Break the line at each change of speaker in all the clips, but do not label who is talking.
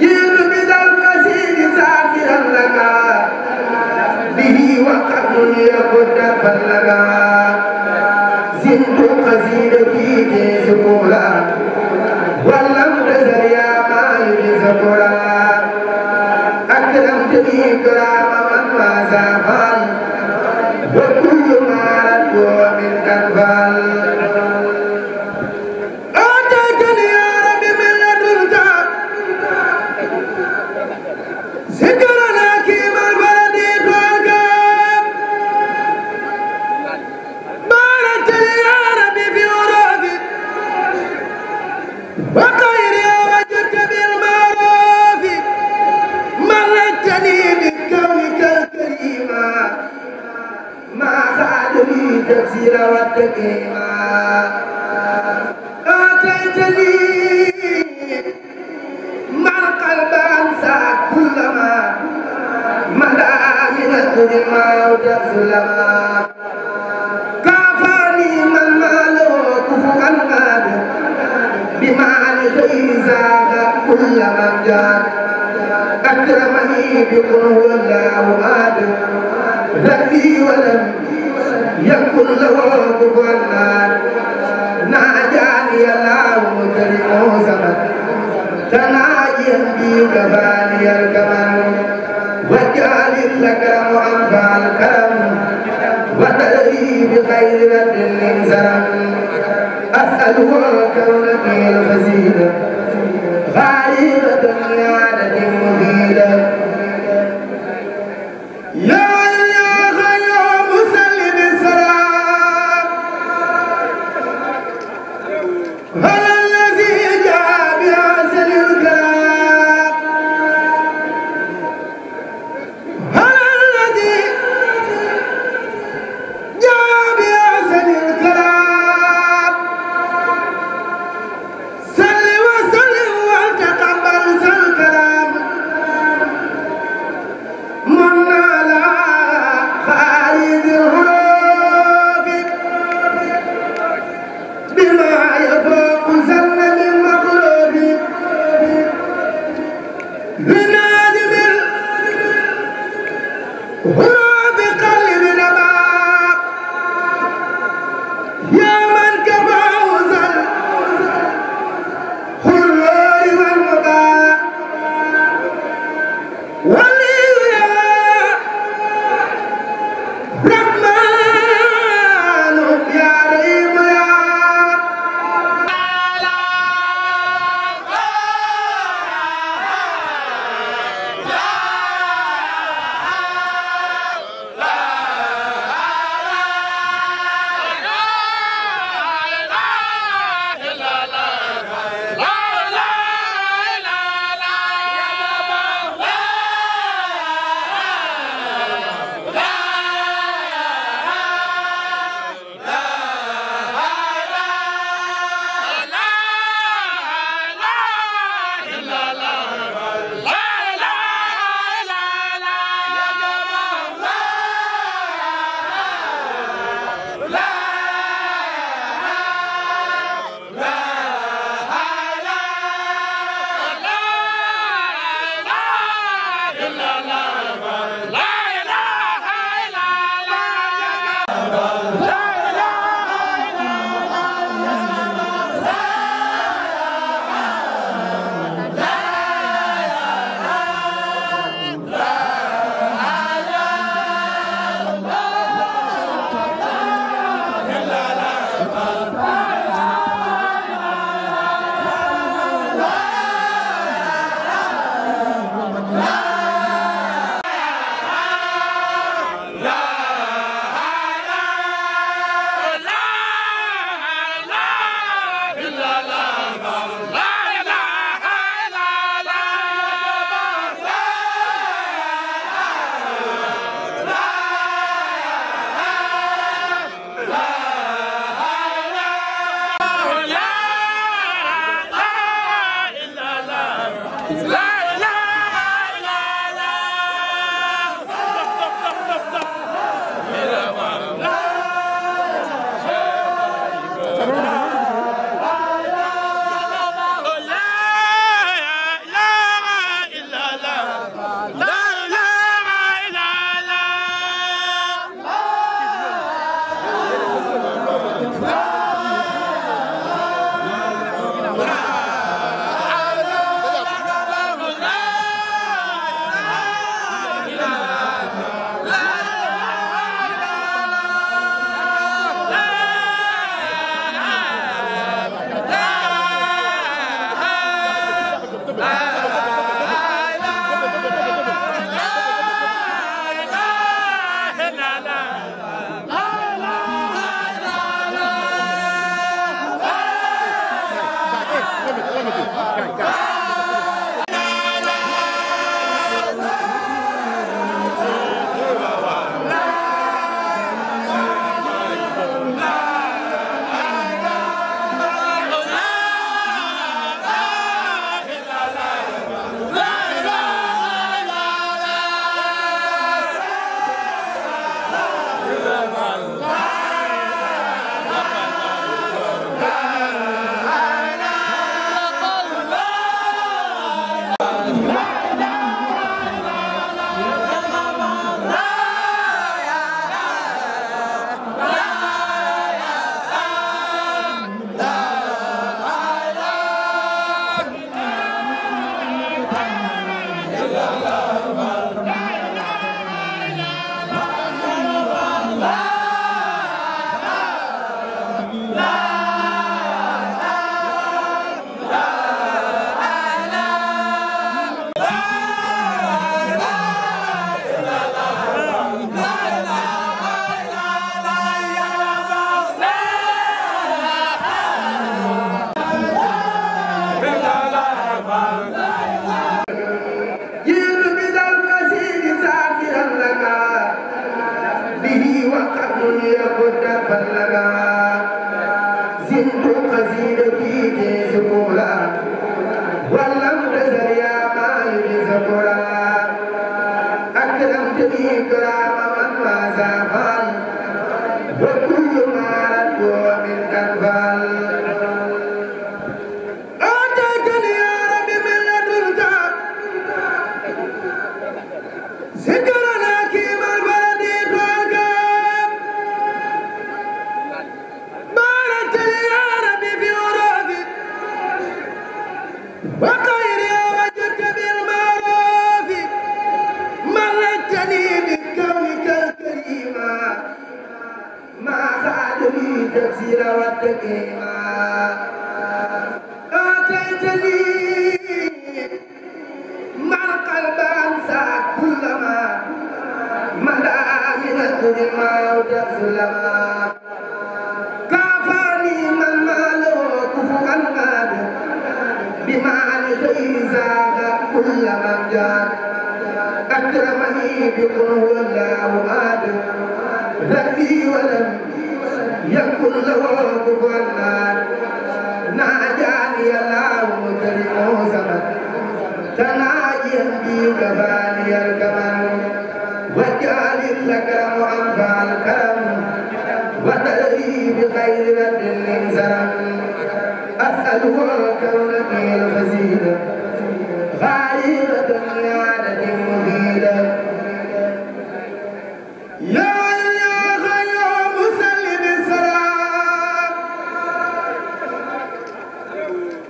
جئت بالقصيد سافرا لك به وقد يقد فلك زدت قصيدتي في سكولا ولا تناجيا بي كفاني الكمال وجعل الأكرم أنفع الكرم وتدري بخير رد من زرم أسأله كون في الخزينة غريبة عادة مفيدة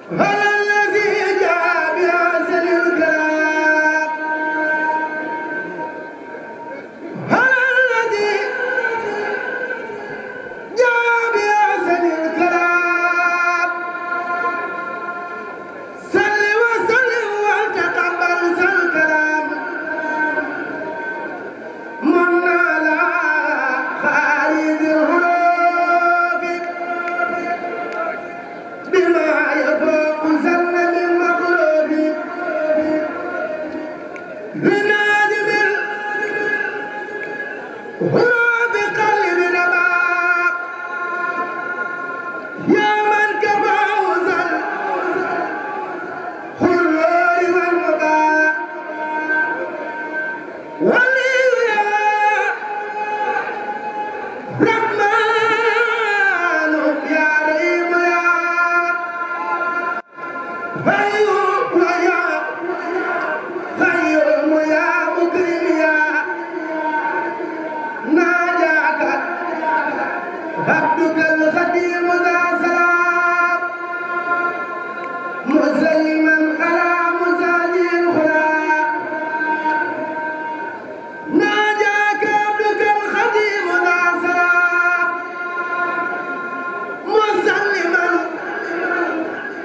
Hey!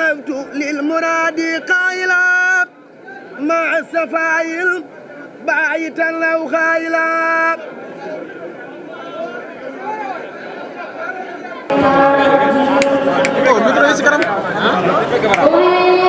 عرفت للمراد قائلا مع السفايل باعتا لو خايلا
Oh,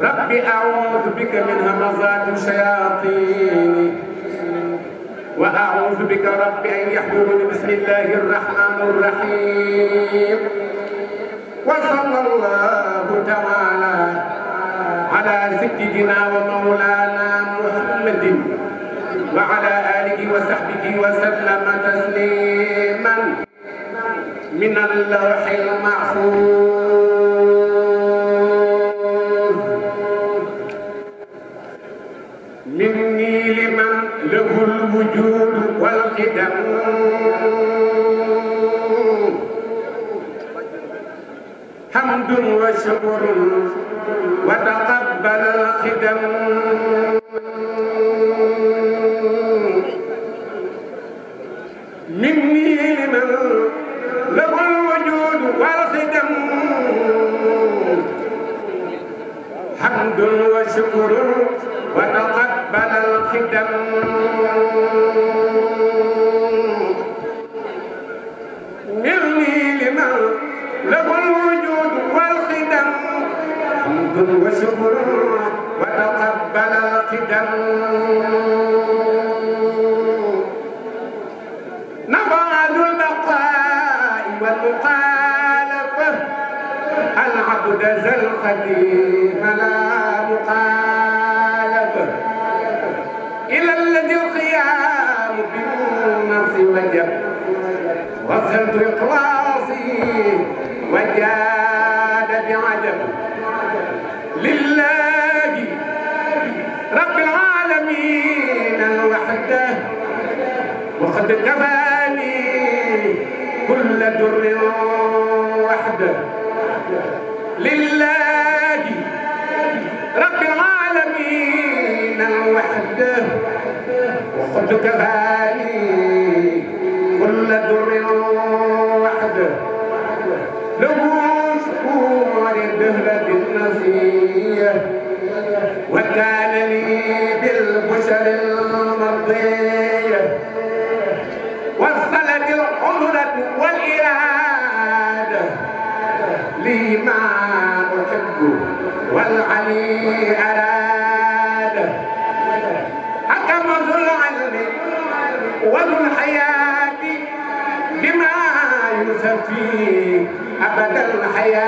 رب
أعوذ بك من همزات الشياطين وأعوذ بك رب أن يحضرني بسم الله الرحمن الرحيم وصلى الله تعالى على سيدنا ومولانا يعلمون حمد وشكر وتقبل الخدم مني لمن له الوجود والخدم حمد وشكر وشكر وتقبل القدم نفعل البقاء والمخالفة العبد ذا القديم لا مخالفة إلى الذي القيام بالنص وجب
وصلت
إخلاصي وجاب قد كفاني كل در وحده لله رب العالمين وحده وقد كفاني كل در وحده له شكور الدهر بالنزيه أراد حكم ذو العلم وذو الحياة بما يسفي أبد الحياة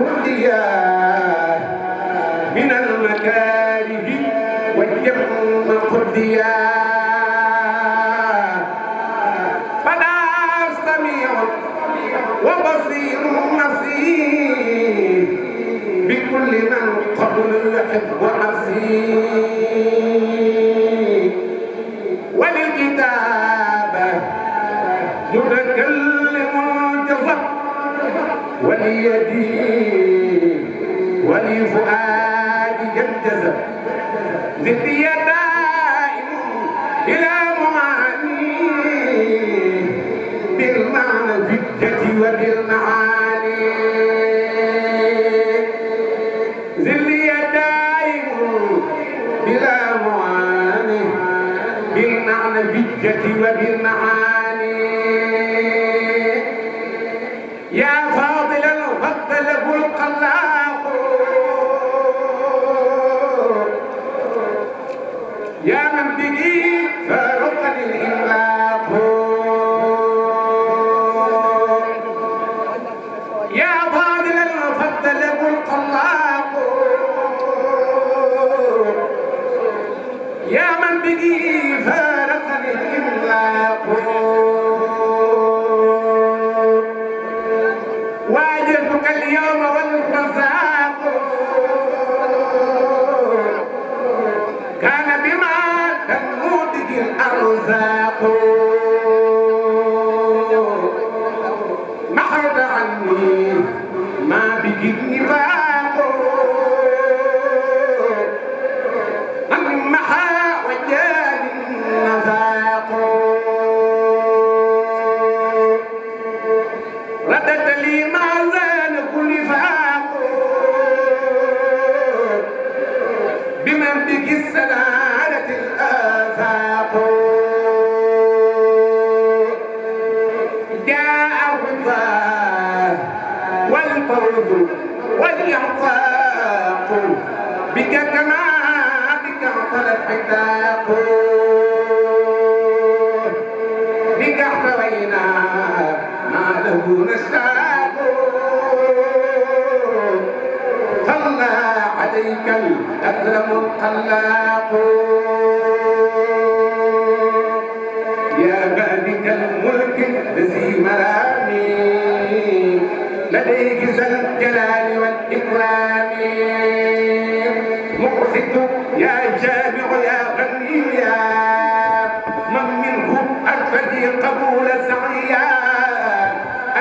الهديان من المكاره والجمع قديان بالبجة وبالنعام يا فاضل الفضل ابو القلعان الرزاق ما حد عني ما بك النفاق البرد والإعفاق بك كما بك اعتلى الحداق بك احتوينا ما له نشتاق صلى عليك الأكرم الخلاق لديك ذا الجلال والإكرام مقسط يا جامع يا غني يا من منه أكفني قبول سعيا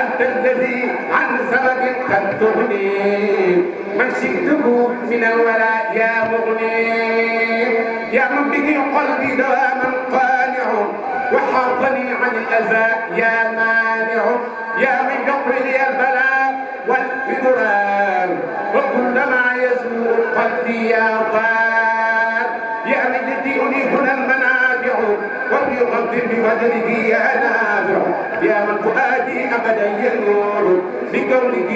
أنت الذي عن سبب قد تغني من شئته من الولاء يا مغني يا من به قلبي دواما قانع وحاضني عن الأذى يا مانع يا من يقضي البلاء والبدران وكلما يزول قلبي يا
غار
يا من جدي أنيبنا المنافع وليغفر بفضله يا نافع يا من فؤادي أبدا ينور بكونه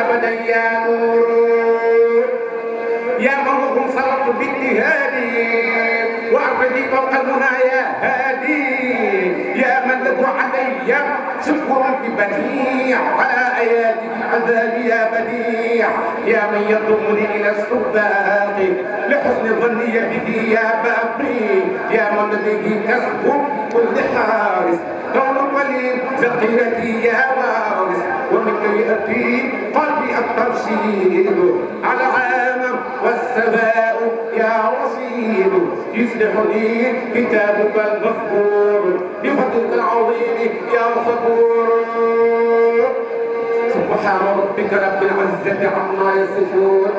أبدا يا نور يا من هم صرف بالتهادي وأعطني فوق المنايا هادي يا من لك علي شكر ببديع على أيادي العذاب يا بديع يا من يضمني إلى السباق لحسن ظني به يا بابي يا من به كسب كل حارس قول قليل بقيرتي يا وارث ومنك يأتي قلبي الترشيد على عام والسماء يا رصيد يصلح لي كتابك المذكور بفضلك العظيم يا صبور سبحان ربك رب العزة عما يصفون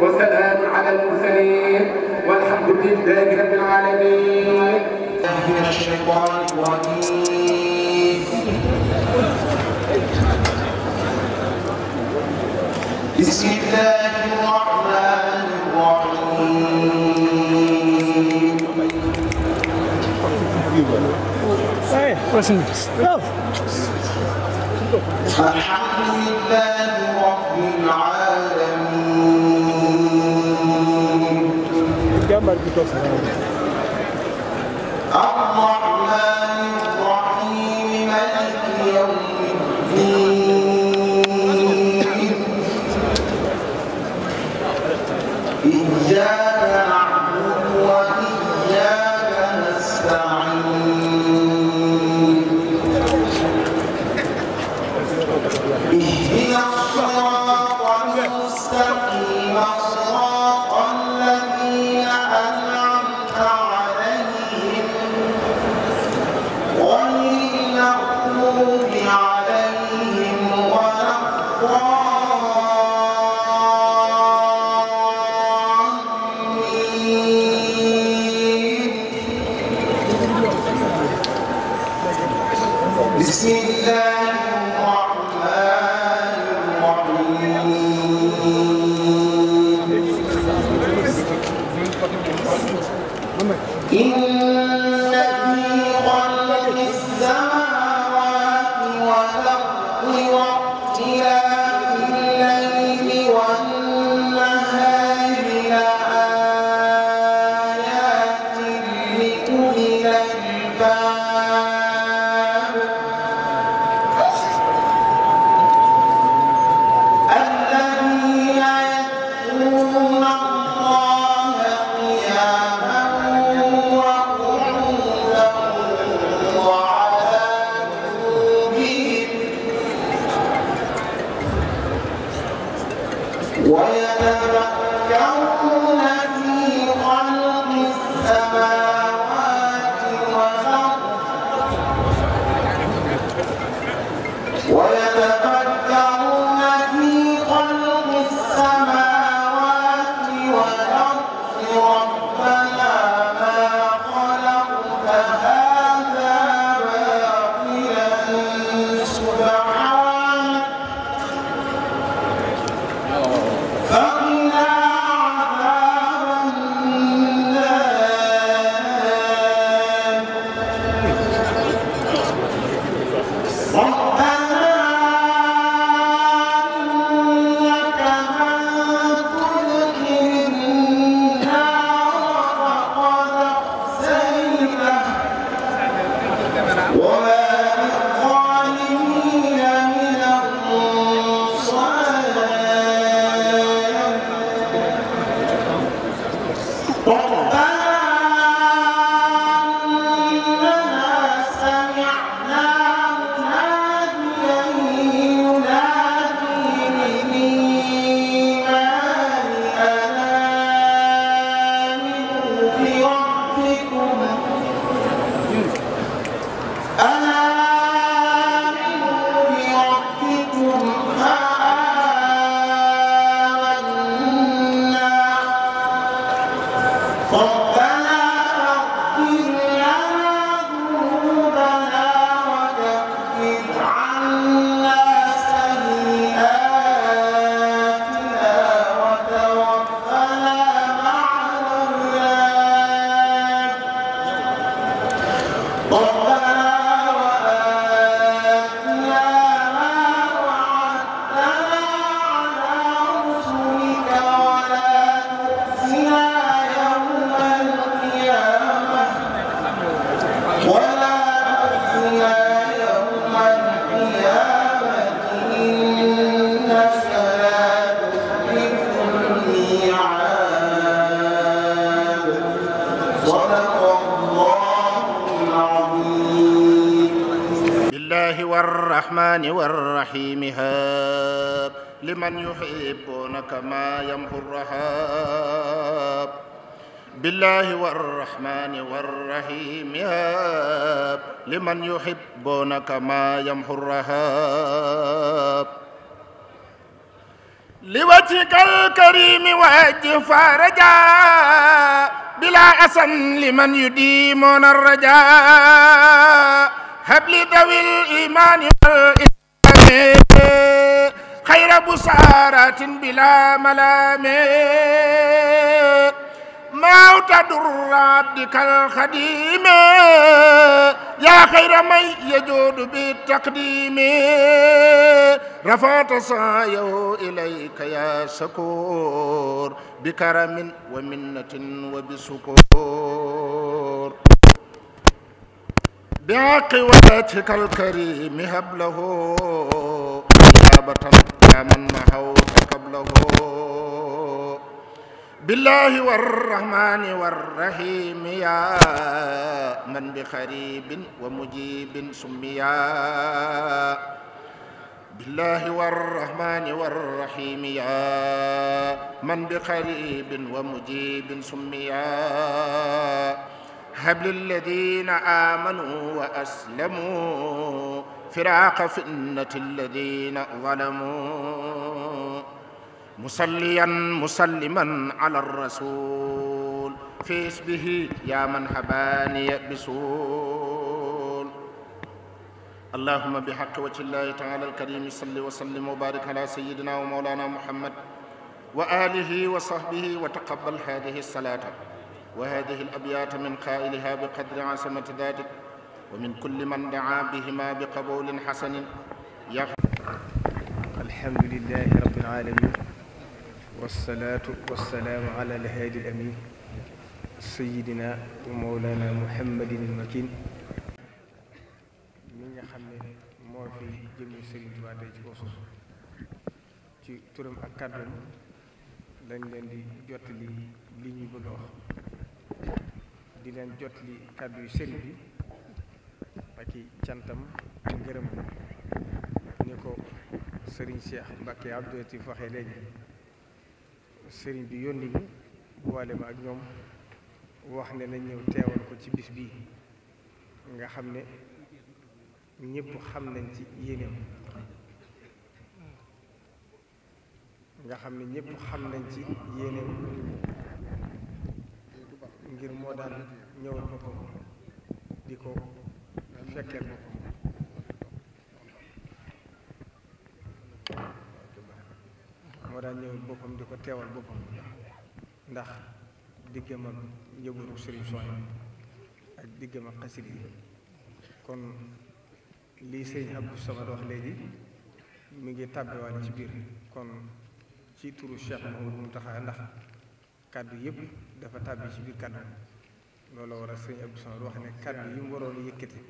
وسلام على المرسلين والحمد لله رب العالمين. من الشيطان
الرجيم.
بسم الله الرحمن الرحيم.
Hey, listen. Oh. alhamdulilah Wow.
والرحيم هاب لمن يحبون كما يمحو الرهاب بالله والرحمن والرحيم هاب لمن يحبون كما يمحو الرهاب لوجهك الكريم وجه فرجاء بلا أسى لمن يديمون الرجاء هب لذوي الإيمان والإسلام خير بسارات بلا ملام موت در عبدك الخديم يا خير من يجود بالتقديم رفعت سعيه إليك يا شكور بكرم ومنة وبسكور بعق وجهك الكريم هب له إجابة يا من نحوت قبله بالله والرحمن والرحيم يا من بخريب ومجيب سميا بالله والرحمن والرحيم يا من بخريب ومجيب سميا هب للذين آمنوا وأسلموا فراق فئنة الذين ظلموا مصليا مسلما على الرسول في اسبه يا من حباني بسول اللهم بحق وجه الله تعالى الكريم صل وسلم وبارك على سيدنا ومولانا محمد وآله وصحبه وتقبل هذه الصلاة وهذه الأبيات من قائلها بقدر عظمة ذاتك ومن كل من دعا بهما بقبول حسن يغفر
الحمد لله رب العالمين والصلاة والسلام على الهادي الأمين سيدنا ومولانا محمد المكين mi nga xam ne moo fi jëmmi Serigne Touba tey ci kaw suuf ci turam ak kàddoom lañ leen di jottali li ñuy bëgg a wax di leen jot li kàddu yu sëriñ bi ak i cantam ak ngërëmam ni ko sëriñ Cheikh Mbacke Abdou Latif waxee léegi sëriñ bi yónni ñu boole ma ak ñoom wax ne nañ ñëw teewal ko ci bis bii nga xam ne ñëpp xam nañ ci yéeneem nga xam ne ñëpp xam nañ ci yéeneem moo daan ñëwal boppam di ko fekkeel boppam moo daan ñëwul boppam di ko teewal boppam ndax diggam ak njëburu sëriñ soy ak diggam ak xasit yi kon lii sëriñ Abdou Samad wax léegi mu ngi tàbbiwaale ci biir kon ci turu Cheikh Mouhamadou Mountakha ndax kàddu yépp dafa tàbbi ci biir kàddu loolu war a sëñ Abdou Samad wax ne kàddu yi mu waroon yëkkati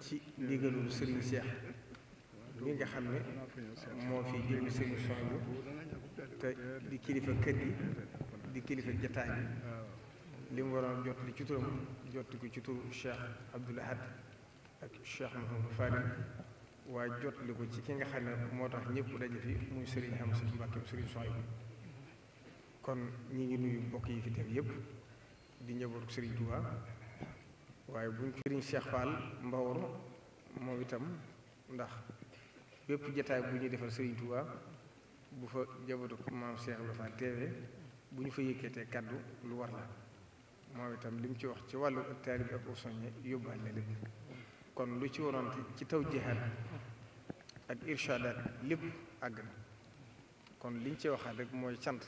ci ndigalul Serigne Cheikh mi nga xam ne moo fi jël Serigne Soxna te di kilifa kër gi di kilifa jataay bi li mu waroon jot li ci turam jotti ko ci turu Cheikh Abdoul Ahad ak Cheikh Mouhamadou Fadil waaye jot li ko ci ki nga xam ne moo tax ñëpp daje fi muy Serigne Hamsa Mbacke Serigne Soxna kon ñi ngi nuyu mbokk yi fi teew yëpp. di njabootu Serigne Touba waaye buñ Serigne Cheikh Fall Mbawar moom itam ndax bépp jataay bu ñuy defal Serigne Touba bu fa njabootu maam Cheikh Ibra Fall teewee bu ñu fa yëkkatee kàddu lu war la moom itam li ci wax ci wàllu taalib bi ak au soññe yóbbaale na lépp kon lu ci waroon ci taw jeexal ak irshadaat lépp àgg na kon liñ ci waxaat rek mooy sant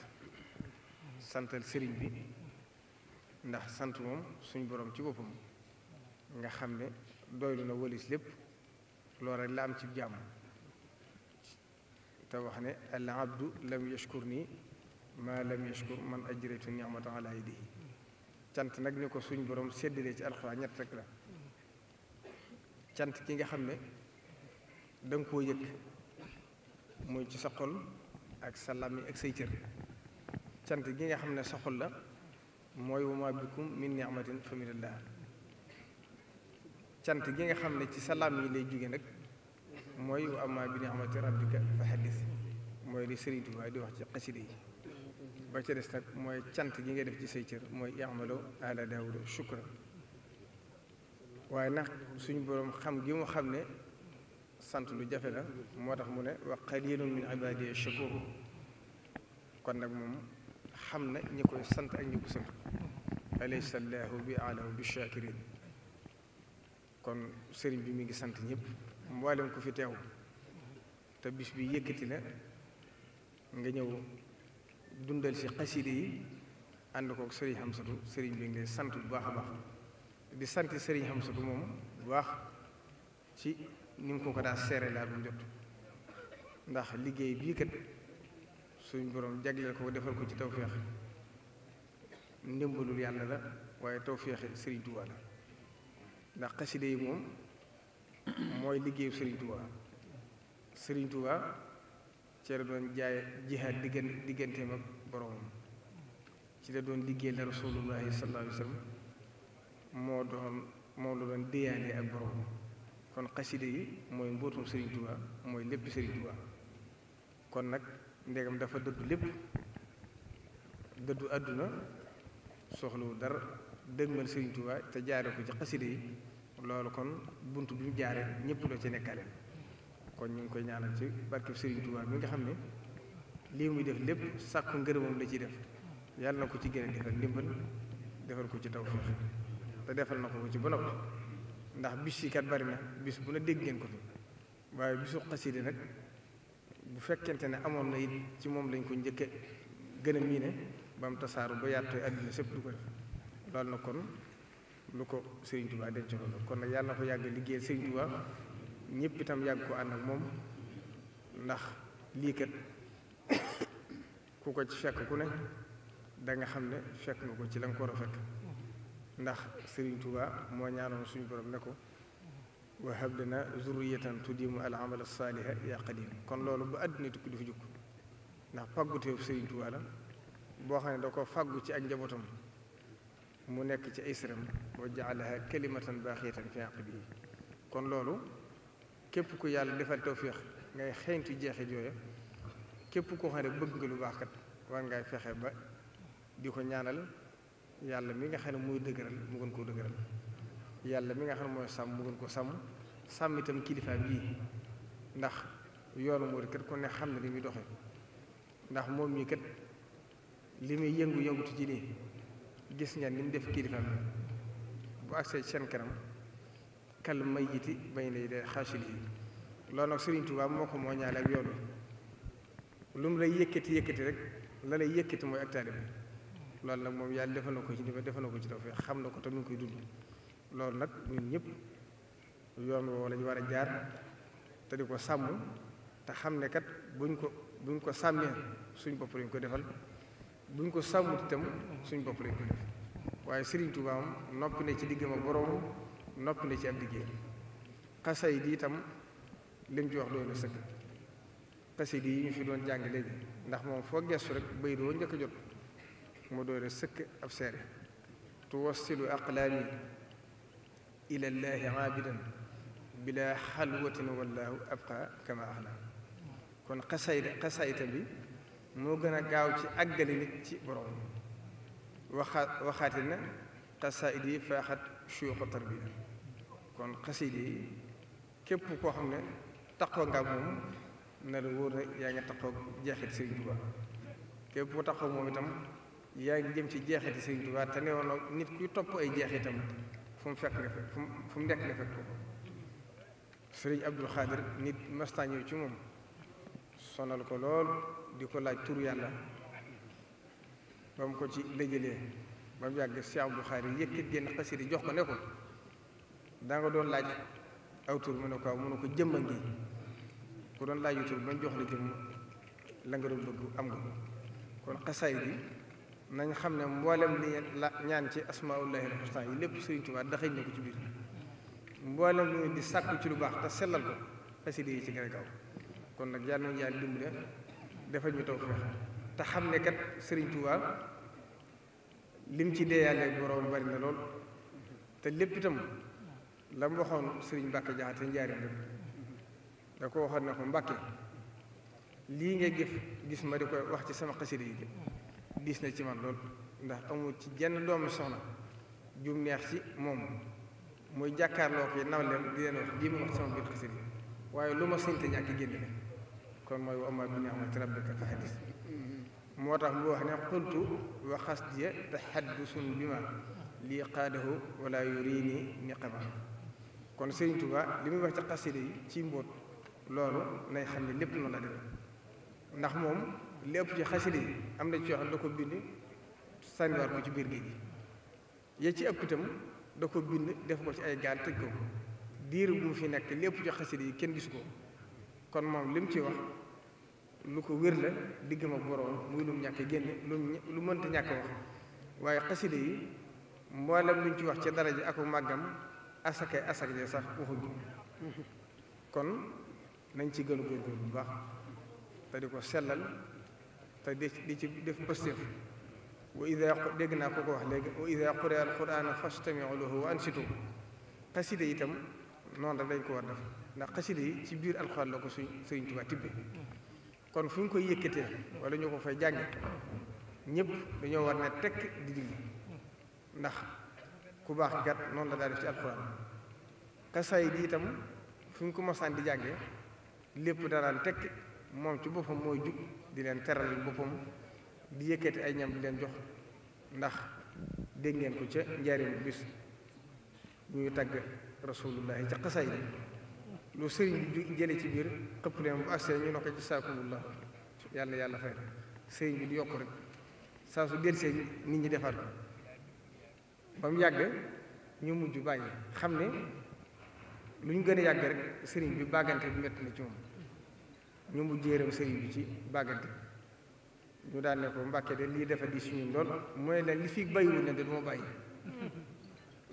santal sëriñ bi ndax sant moom suñ boroom ci boppam nga xam ne doylu na wëlis lépp loolu rek la am ci jàmm te wax ne al abdu lam yashkur nii maa lam yashkur man ajraytu ni'matan ala yadihi cant nag ni ko suñ borom séddalee ci alxuraan ñett rek la cant ki nga xam ne da koo yëg muy ci sa xol ak sa làmmiñ ak say cër cant gi nga xam ne sa xol la mooy wa ma bikum min ni'matin fa minallah cant gi nga xam ne ci salaam yi lay jóge nag mooy wa amma bi ni'mati rabbika fa xaddis mooy li Sëriñ Tuubaa di wax ci xasida yi ba ca des nag mooy cant gi nga def ci say cër mooy i'malu ala daawuda shukra waaye nag suñu boroom xam gi mu xam ne sant lu jafe la moo tax mu ne wa qalilun min ibadiya shakur kon nag moom xam na ñi koy sant ak ñi ko bi alahu bi shakirin kon sëriñ bi mi ngi sant ñëpp mboolem ko fi teew te bis bi yëkkati na nga ñëw dundal si xaside yi ànd kook sëriñ Hamsatu sëriñ bi ngi sant bu baax a baax di sant sëriñ Hamsatu moom bu baax ci ni mu ko ko daa seere laa bu jot ndax liggéey bii kat suñ borom jagleel ko defal ko ci tawféex ndimbalul yàlla la waaye tawféexi Serigne Touba la ndax xaside yi moom mooy liggéeyu Serigne Touba Serigne ci la doon jaay jihaad diggan digganteem ak boromam ci la doon liggéey la rasulullahi sallallahu alayhi wa sallam moo doon moom la doon déyaanee ak boromam kon xaside yi mooy mbootum Serigne mooy lépp Serigne kon nag. ndegam dafa dëddu lépp dëddu àdduna soxlawu dara dëgmal Sëriñ Tuubaa te jaare ko ci xasida yi loolu kon bunt bi mu jaare ñëpp loo ci nekkaleen kon ñu ngi koy ñaanal ci barkeb Sëriñ Tuubaa bi nga xam ne lii muy def lépp sàkku ngërëmam la ciy def yàlla na ko ci gën a defal ndimbal ko ci tawfeex defal na ko ci ba ndax bis yi kat bari na bis bu ne dégg ngeen ko fi waaye bisu xasida nag bu fekkente ne amoon na it ci moom lañ ko njëkke gën a ne ba mu tasaaru ba yaatooy àddina sëpp du ko def loolu na kon lu ko Serigne Touba denc loolu kon nag yàlla na ko yàgg liggéeyal Serigne Touba ñëpp itam yàgg ko ànd ak moom ndax lii kat ku ko ci fekk ku ne danga xam ne fekk nga ko ci la ko war a fekk ndax Serigne Touba moo ñaanoon suñu borom ne ko wa hab lana zurriyatan tudimu al amal as saaliha yaa qadim kon loolu bu àddina tukki du fi jukk ndax fàgguteef Sëriñ Tuubaa la boo xam ne da ko fàggu ci ak njabootam mu nekk ci ay sëram wa jaalaha kalimatan baaxiyatan fi aqibihi kon loolu képp ku yàlla defal tawfiix ngay xeeñtu jeexe jooya képp koo xam ne bëgg nga lu baax kat war ngay fexe ba di ko ñaanal yàlla mi nga xam ne muy dëgëral mu gën koo dëgëral yàlla mi nga xam ne mooy sàmm mu gën ko sàmm sàmm itam kilifaam yi ndax yoonu murid kër ku ne xam na li muy doxe ndax moom mii kat li muy yëngu-yëngutu ci nii gis ngeen ni mu def kilifaam bu agsee seen kanam kal may jiti bañ lay de xaasil yi loolu nag Sëriñ Tuubaa moo ko moo ñaale ak yoonu lu mu lay yëkkati yëkkati rek la lay yëkkati mooy ak taalibe loolu nag moom yàlla defal na ko ci defal na ko ci dafa xam na ko te mu koy dund loolu nag ñun ñëpp yoon woo lañu war a jaar te di ko sàmm te xam ne kat buñ ko buñ ko sàmmee suñ bopp lañ ko defal buñ ko sàmmut itam suñ bopp lañ ko defal waaye Serigne Touba am noppi ne ci diggam boroom noppi ne ci ab liggéey xasay di itam lim ci wax doon na sëkk xasay di yi ñu fi doon jàng léegi ndax moom foo gestu rek bay doo njëkk jot mu doon sëkk ab seere tuwassilu aqlaami ilallaahi aabidan xal bila xalwatin ab xa kama axna kon xasayda xasayta bi moo gën a gaaw ci àggale nit ci borom waxaat waxaati na xasaayid yi faaxat suyuxu tarbiya kon xasayda yi képp koo xam ne taqoo nga moom na la wóor ne yaa ngi taqoo jeexit Sëriñ Tuubaa képp ku taqoo moom itam yaa ngi jëm ci jeexiti Sëriñ Tuubaa te newoon nit kuy topp ay jeexitam fu mu fekk nga fekk fu mu nekk nga fekk ko sëriñ Abdul Xaadir nit mastaa ñëw ci moom sonal ko lool di ko laaj tur yàlla ba mu ko ci dëjëlee ba mu yàgg si Abdul Xaadir yëkkit génn xasida jox ko ne ko daa nga doon laaj aw tur mu ne ko mu ne ko jëmma ngi ku doon laaju tur ba mu jox la jëmm la nga doon bëgg am nga ko kon xasaay bi nañ xam ne mboolem li ñaan ci asmaullahi alxusna yi lépp sëriñ Tuubaa daxañ na ko ci biir mboolem lu di sàkku ci lu baax te sellal ko xasida yi ci gën kon nag yàlla nañu yàlla dimbale dafa ñu taw feex te xam ne kat Sëriñ Tuubaa lim ci deeyaale borom bari na lool te lépp itam la mu waxoon Sëriñ Mbàkke Jaxate njaariñ lépp da ko waxoon ne ko Mbàkke lii ngay gëf gis ma di koy wax ci sama xasida yi diis na ci man lool ndax amul ci jenn doom soxna jum neex ci moom muy jàkkaarloo ko nawleem di leen wax jii ma wax sama biir xasida waaye lu ma sinte ñàkk génn la kon mooy wa ammaa bi moo tax mu wax ne qultu wa xasdiya tahaddusun bi ma lii qaadahu wala yurini niqaba kon Sëriñ li muy wax ci xasida yi ci mbóot loolu nay xam ne lépp noonu la demee ndax moom li ëpp ci xasida yi am na ci wax xam ko bind sànniwaat ko ci biir géej gi ya ci ëpp itam da ko bind def ko ci ay gaal tëj ko diir bu mu fi nekk lépp ci xasida yi kenn gisu ko kon moom li mu ci wax lu ko wér la diggam ak boroom muy lu mu ñàkk génne lu mënta ñàkk wax waaye xasida yi mboolem luñ ci wax dara daraja ak màggam asakay asak je sax waxuñu kon nañ ci gën a góorgóorlu bu baax te di ko sellal te di ci def pëstéef wa ida dégg naa ko ko wax léegi wa ida quri al quraan fastamiu lahu wa ansitu xaside itam noonu rek ko war def ndax xaside yi ci biir alxuraan la ko suñ sëriñ Tuubaa tibbe kon fu ñu koy yëkkatee wala ñoo ko fay jànge ñëpp dañoo war ne tekk di diglu ndax ku baax gat noonu la daa def ci alxuraan xasaay di itam fu ñu ko mosaan di jànge lépp danaan tekk moom ci boppam mooy jug di leen teral boppam di yëkkati ay ñam di leen jox ndax dégg ngeen ko ca njaareelu bis ñuy tagg rasulullahi ca xasaay bi lu sëriñ bi jële ci biir xëpp leen bu assee ñu ne ko ci saakumullah yàlla yàlla fay sëriñ bi di yokk rek saa su delsee nit ñi defar ko ba mu yàgg ñu mujj bàyyi xam ne lu ñu gën a yàgg rek sëriñ bi bàggante bi metti na ci moom ñu mujj yërëm sëriñ bi ci bàggante ñu daal ne ko mbàkke de lii defar di suñu lool mooy la li fi bàyyiwul ne de du ma bàyyi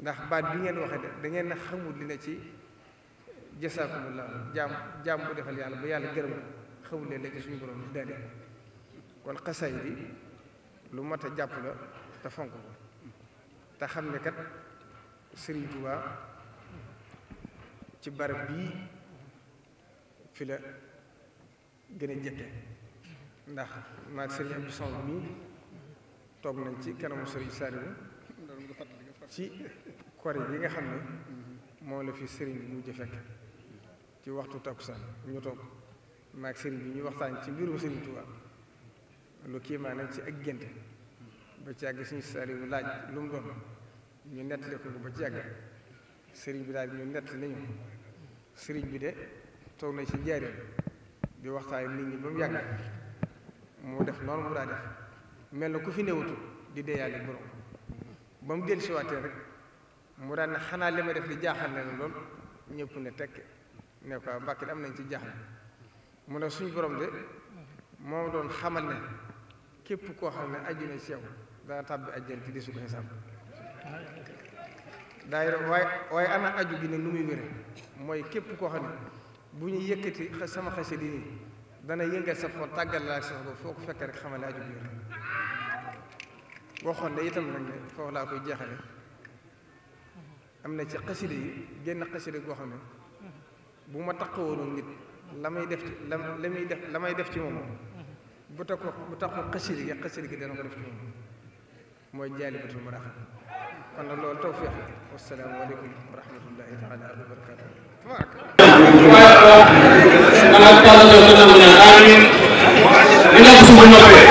ndax baat bi ngeen waxee de da ngeen xamul li na ci jasaakumullah jaam jaam bu defal yàlla ba yàlla gërëm xamul leen la ci suñu borom di daale kon xasaay bi lu mat a jàpp la te fonk ko te xam ne kat Sëriñ Tuubaa ci barab bii fi la gën a jëkke ndax maag sëriñ Abdou Samb mii toog nañ ci kanamu sëriñ Saliou ci kori bi nga xam ne moo la fi sëriñ bi mujj fekk ci waxtu takkusaan ñu toog maag sëriñ bi ñu waxtaan ci mbirum sëriñ Touba lu kiimaa ci ak génte ba ci yàgg sëriñ Saliou laaj lu mu doon ñu nettali ko ba ci sëriñ bi daal ñu nett nañu sëriñ bi de toog nañ ci njaareem di waxtaan nit ñi ba mu yàgg mu def loolu mu daa def mel na ku fi newutu di deeyaale borom ba mu del siwaatee rek mu daan ne xanaa li ma def di jaaxal na lool ñëpp ne tekk ne ko mbàkki am nañ ci jaaxal mu ne suñ borom de moo doon xamal ne képp koo xam ne aju na ci yow dana tàbbi ajjan ci desu ko xisaab daay waaye waaye ana aju gi ne nu muy wére mooy képp koo xam ne bu ñu yëkkati sama xase di nii dana yëngal sa xol tàggal laa sa bopp foo ko fekk rek xamal aju biir waxoon de itam nag ne foofu laa koy jeexale am na ci xaside yi génn xaside goo xam bu ma taqawoon nit la may def ci la la muy def la may def ci moom bu ta ko tax ko xaside gi xaside gi dana ko def ci mooy jaalibatul maraaxam kon nag loolu tawfiix la wassalaamu aleykum wa rahmatullahi taala wa barakatuh
xanaa Talla Diop dina ko ñaan amiin. ñu nekk su ma noppee.